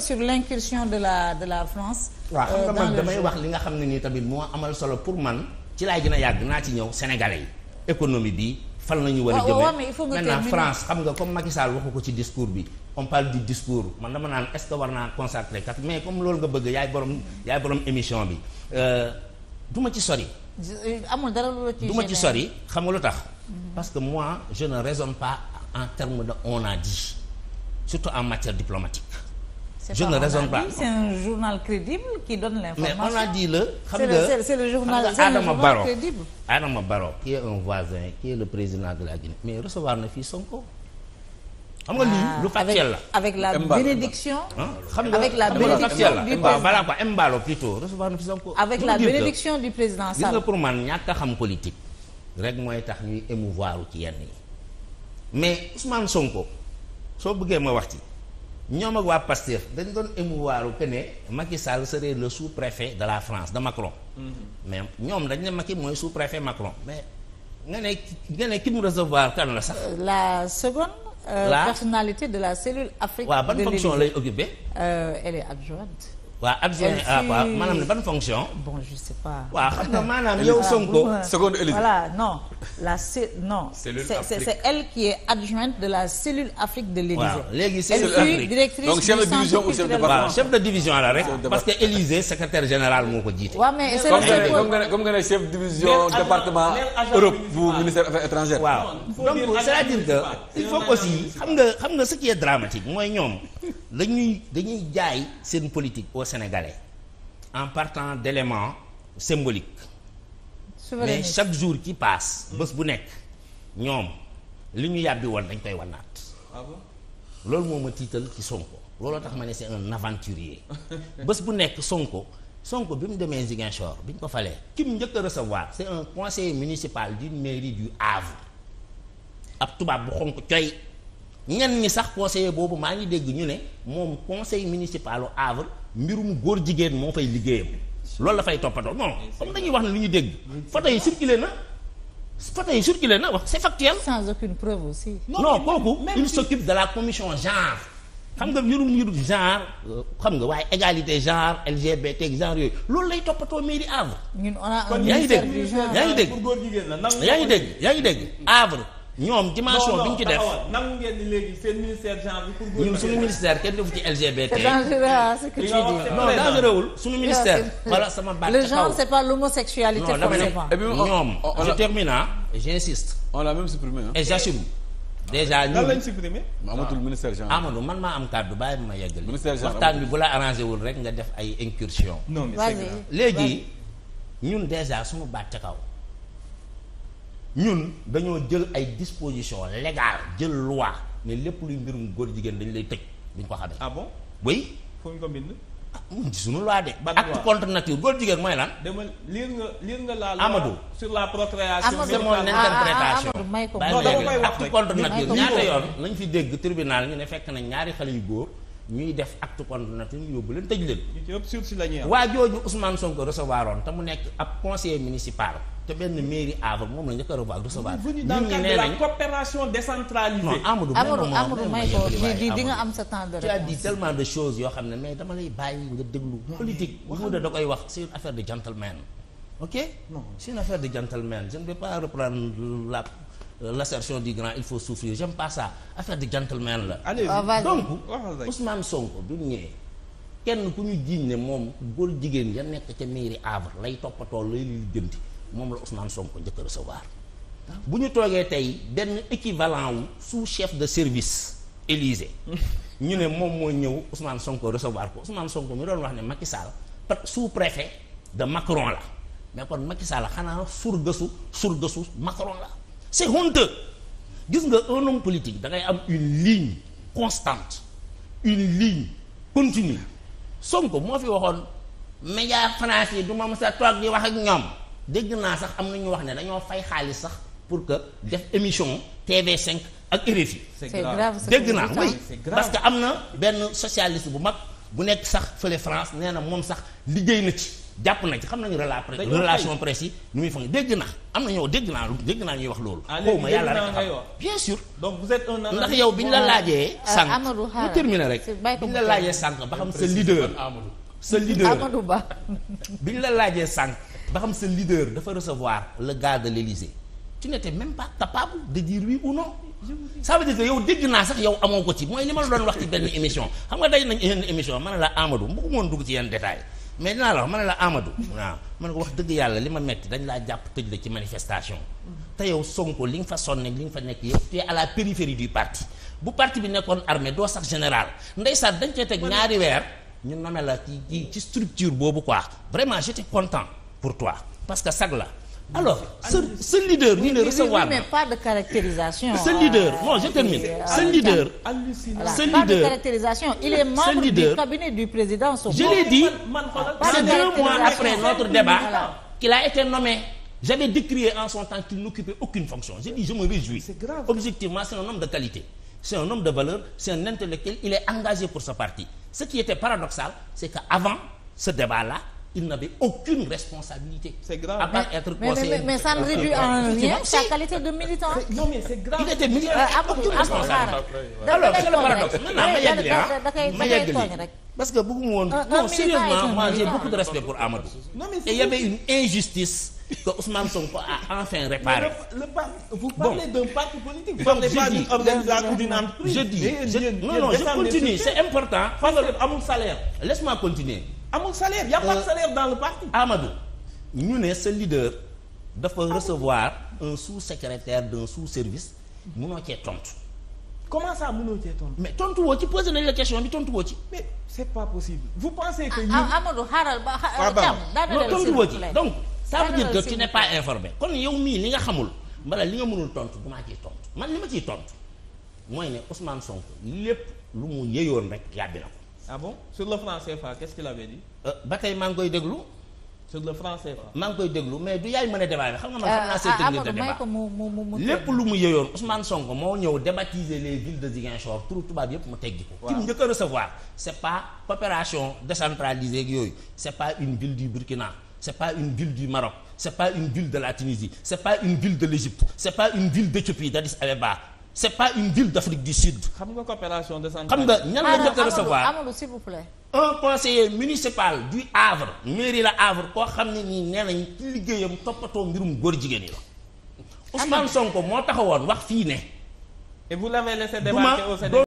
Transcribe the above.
revenir sur l'incursion de la de la France. waaw xam euh, nga man damay wax li nga xam ne nii tamit moo amal solo pour man ci laay gën a yàgg naa ci ñëw sénégalais yi économie bi fan la ñu war a jëmee a France xam nga comme Macky Sall waxu ko ci discours bi on parle du discours man dama naan est-ce que war naa consacrer kat mais comme loolu nga bëgg yaay borom émission bi euh, du ma ci sori. Euh, amul dara lu ci du ma ci sori xam a lu tax. Mhm. parce que moi je ne raisonne pas en termes de on a dit surtout en matière diplomatique. je ne raisonne pas c'est journal crédible qui donne l'information mais on a dit le xam nga le journal Adama Barrow Adama Barrow qui est un voisin le président de la Guinée mais recevoir na fii Sonko xam nga lii lu ah, factuel la avec la bénédiction ah, xam nga avec la bénédiction du voilà quoi Mbalo plutôt recevoir na fii Sonko avec nga pour man ñàkk a xam politique rek mooy tax ñuy émouvoir ci yenn yi mais Ousmane Sonko soo bëggee ma wax ci ñoom ak waa Pastef dañ doon émouvoir que ne Macky Sall serait le sous-préfet de la France de Macron. Mm-hmm. mais ñoom dañ ne Macky mooy sous-préfet Macron mais nga ne nga ne ki mu recevoir kan la sax. Euh, la seconde. Euh, de la cellule Afrique. Ouais, de l' lay occupé. Euh, elle waa adjoint ah waaw maanaam ban fonction. bon je sais pas. waaw xam nga Sonko. Ah, seconde élite non la c' non. cellule Afrique c' est elle de la cellule Afrique de l' Élysée. waaw léegi cellule Afrique elle fut directrice donc chef de division ou chef de département chef de division la rek. parce que Élysée secrétaire général moo ko jiite. waaw mais c'est comme nga comme nga ne chef division département Europe bu ministère affaires étrangères. waaw donc c' est à dire que il faut aussi xam nga xam nga ce qui est dramatique mooy ñoom. dañuy dañuy jaay seen politique o Sénégalais en partant d'éléments symboliques mais chaque jour qui passe bés bu nekk ñoom li ñu yàbbi woon dañ koy wanaat ah loolu moom ma tiital ci Sonko looloo tax ma ne c'est un aventurier bés bu nekk Sonko Sonko bi mu demee Ziguinchor bi ñu ko falee ki njëkk a recevoir c'est un conseil municipal d'une mairie du Havre ab tubaab bu xonk coy ñenn ñi sax conseiller boobu maa ngi dégg ñu ne moom conseil municipal au Havre mbirum góor jigéen moo fay liggéeyam loolu dafay fay toppatoo non comme dañuy wax ne lu ñu dégg photo yi circulé na photo yi circulé na wax c'est factuel. sans aucune preuve aussi. non kooku il s'occupe de la commission genre xam nga mbirum mbirum genre euh, xam nga waaye égalité genre LGBT genre yooyu loolu lay toppatoo mairie Havre. ñun on a un ministère du genre yaa ngi dégg yaa ngi dégg yaa ngi dégg Havre. ñoom dimension bi ñu ci def nangu ngeen ni léegi ministère genre ñun suñu ministère kenn defu ci LGBT. non dangereux suñu ministère. sama baat le genre c'est pas l'homosexualité. Eh ñoom je termine ah. j'insiste. on l'a même supprimé et j'assume. déjà ñun lan lañ supprimé. amatul ah. ministère genre man maa am kàddu bàyyi ma yeggali. ministère genre waxtaan bi bu la arrangé wul rek nga def ay incursion. non mais léegi ñun déjà suñu baat ca kaw. ñun dañoo jël ay dispositions légales jël loi ne lépp luy mbirum góor jigéen dañu lay tëj duñ ko xamee. ah bon oui. foofu ñu ko bind. ah mun ci suñu loi de. ban acte contre nature góor jigéen mooy lan. dama lire nga lire nga la. Amadou sur la procréation. Amadou c'est mon ah, interprétation. may ko acte contre nature ñaata yoon lañ fi dégg tribunal ñu ne fekk nañ ñaari xale yu góor. ñuy def acte contre nature yóbbu leen tëj leen. ñu ci ëpp sursis la ñuy am. waa jooju Ousmane Sonko recevoir oon te mu nekk ab conseiller municipal. te benn mairie Havre moom la njëkk a revoir recevoir. ñu nga am sa temps de réponse. tu de choses yoo xam ne mais dama lay bàyyi nga déglu. politique mu de da koy wax c'est une affaire de gentleman. ok non c'est une affaire de gentleman je ne vais pas reprendre la. Euh, l'assertion du grand il faut souffrir j'aime pas ça affaire la. allez ah, donc oh, Ousmane Sonko du kenn ku ñu jiiñ ne moom góor jigéen ya nekk ca mairie Havre lay toppatoo moom la Ousmane Sonko njëkk a bu ñu toogee tey benn équivalent wu sous chef de service Élysée ñu ne moom moo ñëw Ousmane Sonko recevoir ko Ousmane Sonko mi doon wax ne Macky Sall préfet de Macron la mais kon Macky Sall xanaa surgasu surgasu Macron la. c'est honteux gis nga un homme politique dangay am une ligne constante une ligne continue Sonko moo fi waxoon média France yi du ma mës a toog di wax ak ñoom dégg naa sax am na ñu wax ne dañoo fay xaalis sax pour que def émission tv cinq ak RFI. c'est grave dégg naa oui parce que am na benn socialiste bu mag bu nekk sax fële France nee na moom sax liggéey na ci. jàpp na ci xam nañu relation presse yi nu muy fa dégg na am na ñoo dégg naa dégg naa ñuy wax loolu ah, xaw ma yàlla rek xam bien sûr donc vous êtes un ndax yow bi ñu la laajee sànq ñu terminer rek ba xam sa leader sa leader Amadou Ba la laajee sànq ba xam sa leader dafa recevoir le gars de l'Élysée tu n'étais même pas capable de dire oui ou non ça veut naa sax yow amoo ko ci mooy li ma la doon wax ci benn émission xam nga day nañ yenn émission ma ne la Amadou mbuggu moon dugg ci yenn détail mais dinaa la wax la Amadou. waaw ma ko wax dëgg yàlla li ma metti dañ laa jàpp tëj la ci manifestation. te yow Sonko li nga fa sonn li nga fa nekk yëpp tu es à la périphérie du parti bu parti bi nekkoon armée doo sax général ndeysaan dañ cee teg ñaari weer ñu nome la ci ci structure boobu quoi vraiment j'étais content pour toi parce que sag la. alors ce ce leader. ñu ne recevoir mais pas de caractérisation. ce leader non je termine. Euh, ce leader. ce leader il est membre du cabinet du président Sonko. je l'ai dit c'est deux mois après notre débat qu'il a été nommé. j'avais décrié en son temps qu'il n'occupait aucune fonction je me réjouis. objectivement c'est un homme de qualité. c'est un homme de valeur c'est un intellectuel il est engagé pour ce parti. ce qui était paradoxal c'est que avant ce débat là. il n'avait aucune responsabilité. À part être mais, mais, mais, euh, réduit euh, en euh, rien sa qualité de militant. Non, mais c'est grave. Il était militant. Euh, aucune responsabilité. Alors, c'est le paradoxe. Maintenant, ma yegg li parce que bëgguma woon. non sérieusement moi j'ai beaucoup de respect pour Amadou. non mais et il y avait une injustice. que Ousmane Sonko a enfin réparé. le, le vous parlez d'un parti politique. vous parlez pas je dis je, continue c'est important. parce que amul salaire amul salaire y' a pas de euh, salaire dans le parti. Amadou ñu ne sa leader dafa recevoir un sous-secrétaire d'un sous-service munoo cee tontu. comment ça mënoo cee tontu. mais tontu woo ci posé nañ la bi tontu ci. mais c' est pas possible. vous pensez que ah, ñun ah, Amadou xaaral ba ah, non tontu ci donc. ça veut dire que tu pas informé. kon yow mii li nga xamul mbala li nga mënul tontu du maa ciy tontu man li ma ciy tontu mooy ne Ousmane Sonko lépp lu mu yëyoon rek yàbbi na ko. ah bon sur le franc CFA qu'est-ce qu'il avait dit. Euh, ba tey maa ngi koy déglu. sur le franc CFA. maa ngi koy déglu mais du yaay mën a débat xam nga man xam naa euh, seen technique de débat lépp lu mu yeyoon Ousmane Sonko moo ñëw débaptiser les villes de Ziguinchor turu tubaab yépp mu teggi ko. waaw ki recevoir c'est pas coopération décentralisée yooyu c'est pas une ville du Burkina. c'est pas une ville du Maroc c'est pas une ville de la Tunisie c'est pas une ville de l'Égypte c'est pas c'est pas une ville d'Afrique du Sud. xam nga coopération décentralisée. xam nga ñan la jot a recevoir Amadou s'il vous plaît. un conseiller municipal du Havre. mairie la Havre koo xam ne nii nee nañ liggéeyam toppatoo mbirum góor jigéen yi la. Ousmane Sonko moo woon wax fii ne. et vous